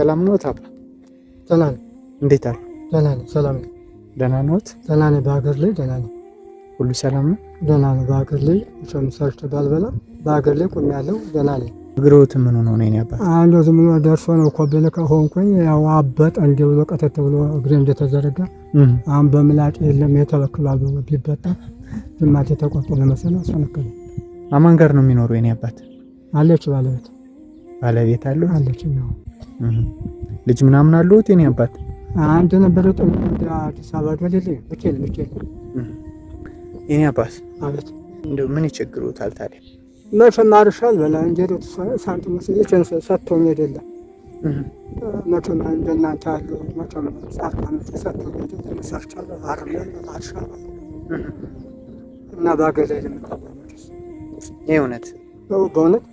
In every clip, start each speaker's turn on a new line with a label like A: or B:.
A: ሰላም ነው ታባ? ሰላም። እንዴት አሉ?
B: ደህና ነው። ሰላም ነው። ደህና ነዎት? ደህና ነኝ። በሀገር ላይ ደህና ነኝ። ሁሉ ሰላም ነው? ደህና ነው። በሀገር ላይ ሰርቼ ባልበላ በሀገር ላይ ቁም ያለው ደህና ነኝ።
A: እግሮት ምን ሆኖ ነው? ያባ
B: አንዱ ዝም ብሎ ደርሶ ነው ኮበለ ከሆንኩኝ ያው አበጠ እንዲህ ብሎ ቀተት ብሎ እግሬ እንደተዘረጋ አሁን በምላጭ የለም የተበክሏል ብሎ ቢበጣ ዝማቴ ተቆርጦ ለመሰለ አስፈነከለ።
A: አማን ጋር ነው የሚኖሩ የኔ አባት
B: አለች ባለቤት
A: ባለቤት አለው አለች ነው ልጅ ምናምን አለው። ጤና አባት
B: አንተ ነበረ። ጥሩ አዲስ አበባ ገለለ ሚካኤል ሚካኤል የኔ አባት ማለት
A: እንደው ምን ይቸግሩታል ታዲያ?
B: መቼም አርሻል በላ እንጀሮ ሳንቱ መስለች ሰጥቶኝ አይደለም መቼም እንደናንተ አሉ መቼም ሳርካኖች ሰጥቶኝ አይደለም ሰርቻለ አርሜ አርሻል እና በአገር ላይ ለምጠቀሞች ይህ እውነት በእውነት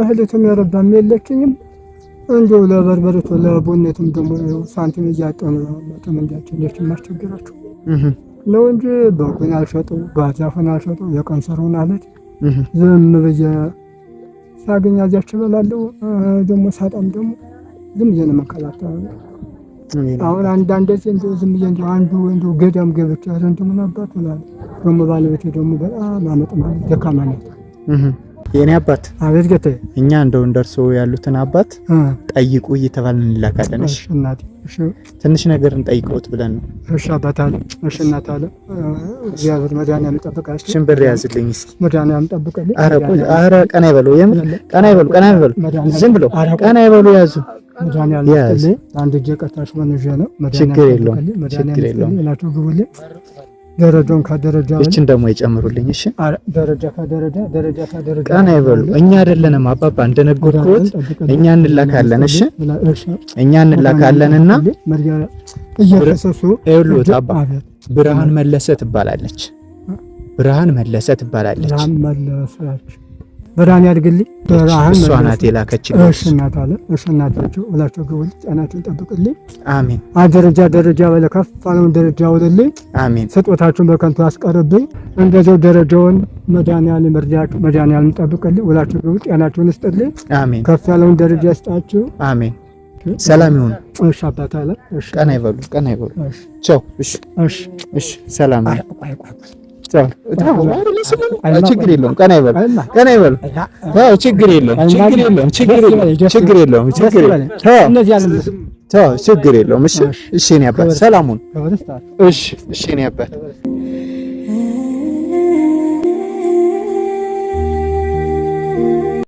B: እህልትም የረባም የለችኝም። እንዲሁ ለበርበሬቱ ለቦነትም ደግሞ ሳንቲም እያጠኑ ተመንጃቸው ሌች ማስቸግራቸው ነው እንጂ በቁን አልሸጠው ባዛፉን አልሸጠው የቀን ስራውን አለት ዝም ብዬ ሳገኝ አዚያች እበላለሁ። ደግሞ ሳጣም ደግሞ ዝም ብዬ ነው መከላከል። አሁን አንዳንድ ጊዜ ዝም ብዬ እንዲሁ አንዱ እንዲሁ ገዳም ገብቼ ረንድሙን አባት ሆናል። ደግሞ ባለቤቴ ደግሞ በጣም አመጥም ደካማ ናት። የኔ አባት አቤት ገተ።
A: እኛ እንደው እንደርሶ ያሉትን አባት ጠይቁ እየተባልን እንላካለን። እሺ እሺ ትንሽ ነገር እንጠይቀውት ብለን ነው።
B: እሺ አባት አለ። እሺ እናት አለ። እግዚአብሔር መድኃኒዓለም ይጠብቃችሁ።
A: ሽን ብር ያዝልኝ እስኪ
B: መድኃኒዓለም ይጠብቃችሁ።
A: ኧረ ቆይ፣ ቀና ይበሉ፣ የምን ቀና ይበሉ፣ ቀና ይበሉ፣ ዝም ብሎ ቀና ይበሉ፣ ያዙ መድኃኒዓለም ይጠብቃችሁ።
B: አንድ እጄ ቀርታችሁ
A: ነው። ችግር የለውም፣ ችግር የለውም።
B: ደረጃውን ካደረጃ
A: እችን ደግሞ ይጨምሩልኝ። እሺ
B: ደረጃ ካደረጃ ደረጃ
A: ካደረጃ ቀና ይበሉ። እኛ አይደለንም አባባ እንደነገርኩት እኛ እንላካለን። እሺ እኛ እንላካለንና እየፈሰሱ ይሉት አባ ብርሃን መለሰ ትባላለች። ብርሃን መለሰ ትባላለች።
B: በዳን ያድግልኝ
A: እሷ ናት የላከችኝ።
B: እሺ እናት አለ እሺ ጠብቅልኝ። አሜን። አደረጃ ደረጃ በለ ከፍ ያለውን ደረጃ ወለልኝ። አሜን። ስጦታችሁን በከንቱ ያስቀርብኝ። እንደዚው ደረጃውን መድኃኒዓለም እርዳችሁ፣ መድኃኒዓለም ጠብቅልኝ። ብላችሁ ግቡ፣ ይስጥልኝ። አሜን። ከፍ ያለውን ደረጃ ይስጣችሁ።
A: አሜን። ሰላም ይሁን። እሺ አባት አለ። እሺ ቀና ይበሉ፣ ቀና ይበሉ። ቻው። እሺ፣ እሺ፣ እሺ። ሰላም ችግር የለውም። ቀና ይበል፣ ቀና ይበል። ተው፣ ችግር የለውም፣ ችግር የለውም፣ ችግር የለውም፣ ችግር የለውም። እሺ፣ እሺ፣ እኔ አባት ሰላሙን። እሺ፣ እሺ፣ እኔ አባት